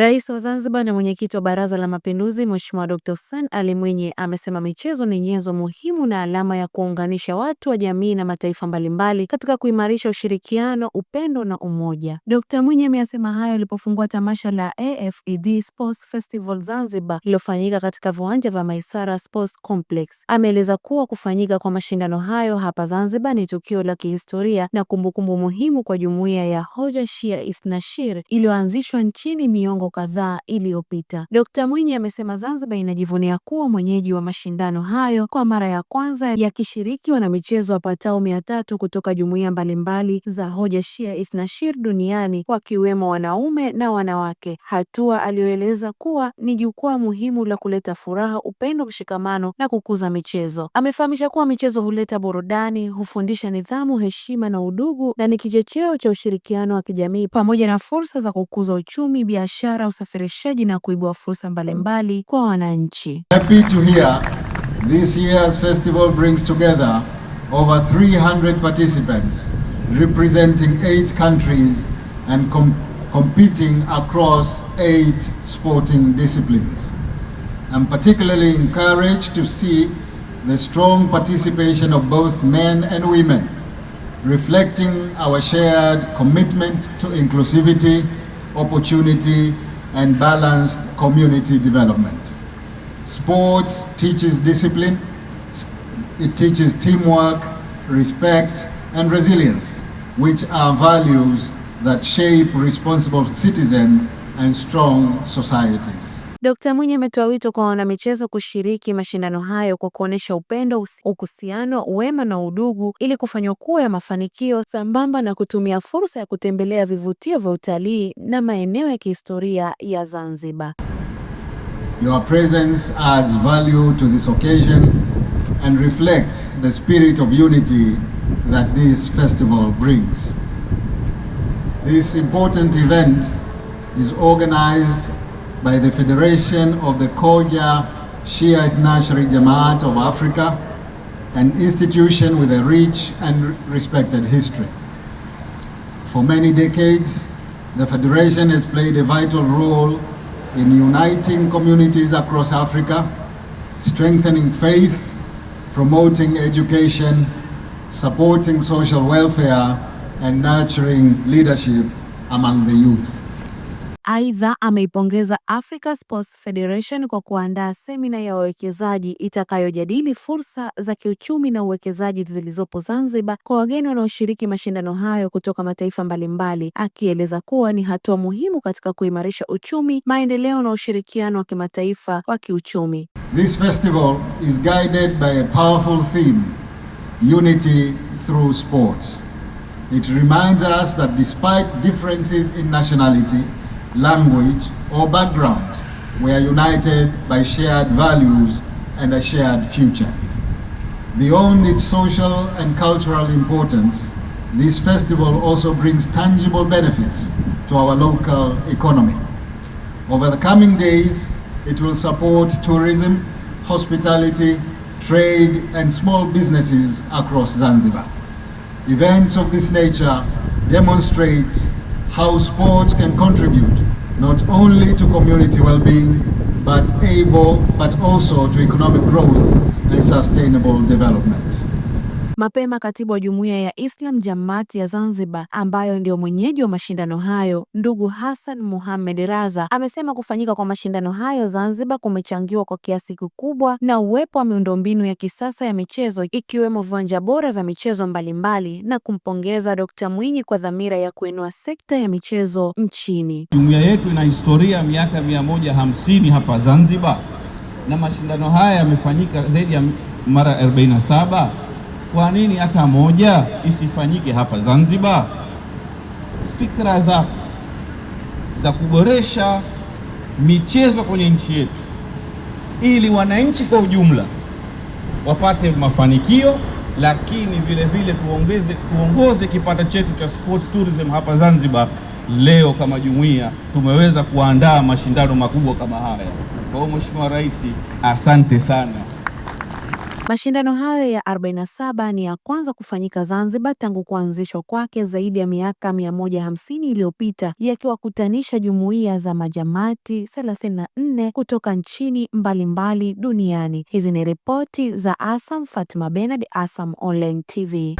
Rais wa Zanzibar na mwenyekiti wa Baraza la Mapinduzi, Mheshimiwa Dkt. Hussein Ali Mwinyi amesema michezo ni nyenzo muhimu na alama ya kuunganisha watu wa jamii na mataifa mbalimbali katika kuimarisha ushirikiano, upendo na umoja. Dkt. Mwinyi ameyasema hayo alipofungua tamasha la AFED Sports Festival Zanzibar lililofanyika katika viwanja vya Maisara Sports Complex. Ameeleza kuwa kufanyika kwa mashindano hayo hapa Zanzibar ni tukio la kihistoria na kumbukumbu muhimu kwa jumuiya ya Hoja Shia Ithnashir iliyoanzishwa nchini miongo kadhaa iliyopita. Dkt. Mwinyi amesema Zanzibar inajivunia kuwa mwenyeji wa mashindano hayo kwa mara ya kwanza yakishiriki wanamichezo wapatao mia tatu kutoka jumuiya mbalimbali za Hoja Shia Ithnashir duniani wakiwemo wanaume na wanawake, hatua aliyoeleza kuwa ni jukwaa muhimu la kuleta furaha, upendo, mshikamano na kukuza michezo. Amefahamisha kuwa michezo huleta burudani, hufundisha nidhamu, heshima na udugu na ni kichocheo cha ushirikiano wa kijamii pamoja na fursa za kukuza uchumi, biashara biashara, usafirishaji na kuibua fursa mbalimbali kwa wananchi. Happy to hear this year's festival brings together over 300 participants representing eight countries and com competing across 8 sporting disciplines. I'm particularly encouraged to see the strong participation of both men and women reflecting our shared commitment to inclusivity, opportunity and balanced community development. Sports teaches discipline, it teaches teamwork, respect, and resilience, which are values that shape responsible citizens and strong societies. Dkt. Mwinyi ametoa wito kwa wanamichezo kushiriki mashindano hayo kwa kuonesha upendo, ukusiano, wema na udugu ili kufanywa kuwa ya mafanikio sambamba na kutumia fursa ya kutembelea vivutio vya utalii na maeneo ya kihistoria ya Zanzibar. Your presence adds value to this occasion and reflects the spirit of unity that this festival brings. This important event is organized by the Federation of the Koya Shia Ithnash Jamaat of Africa, an institution with a rich and respected history. For many decades, the Federation has played a vital role in uniting communities across Africa, strengthening faith, promoting education, supporting social welfare, and nurturing leadership among the youth. Aidha, ameipongeza Africa Sports Federation kwa kuandaa semina ya wawekezaji itakayojadili fursa za kiuchumi na uwekezaji zilizopo Zanzibar kwa wageni wanaoshiriki mashindano hayo kutoka mataifa mbalimbali, akieleza kuwa ni hatua muhimu katika kuimarisha uchumi, maendeleo na ushirikiano wa kimataifa wa kiuchumi. This festival is guided by a powerful theme, unity through sports. It reminds us that despite differences in nationality language, or background. We are united by shared values and a shared future. Beyond its social and cultural importance, this festival also brings tangible benefits to our local economy. Over the coming days, it will support tourism, hospitality, trade, and small businesses across Zanzibar. Events of this nature demonstrate how sports can contribute not only to community well-being, but able, but also to economic growth and sustainable development. Mapema katibu wa Jumuiya ya Islam jamati ya Zanzibar ambayo ndio mwenyeji wa mashindano hayo, ndugu Hassan muhamed Raza amesema kufanyika kwa mashindano hayo Zanzibar kumechangiwa kwa kiasi kikubwa na uwepo wa miundombinu ya kisasa ya michezo ikiwemo viwanja bora vya michezo mbalimbali na kumpongeza Dkt. Mwinyi kwa dhamira ya kuinua sekta ya michezo nchini. Jumuiya yetu ina historia ya miaka 150 hapa Zanzibar na mashindano haya yamefanyika zaidi ya mara 47 kwa nini hata moja isifanyike hapa Zanzibar? Fikra za za kuboresha michezo kwenye nchi yetu ili wananchi kwa ujumla wapate mafanikio, lakini vile vile tuongeze tuongoze kipato chetu cha sports tourism hapa Zanzibar. Leo kama jumuiya tumeweza kuandaa mashindano makubwa kama haya. Kwa hiyo Mheshimiwa Rais, asante sana. Mashindano hayo ya 47 ni ya kwanza kufanyika Zanzibar tangu kuanzishwa kwake zaidi ya miaka 150 iliyopita, yakiwakutanisha jumuiya za majamati 34 kutoka nchini mbalimbali mbali duniani. Hizi ni ripoti za Asam Fatima Benard, Asam Online TV.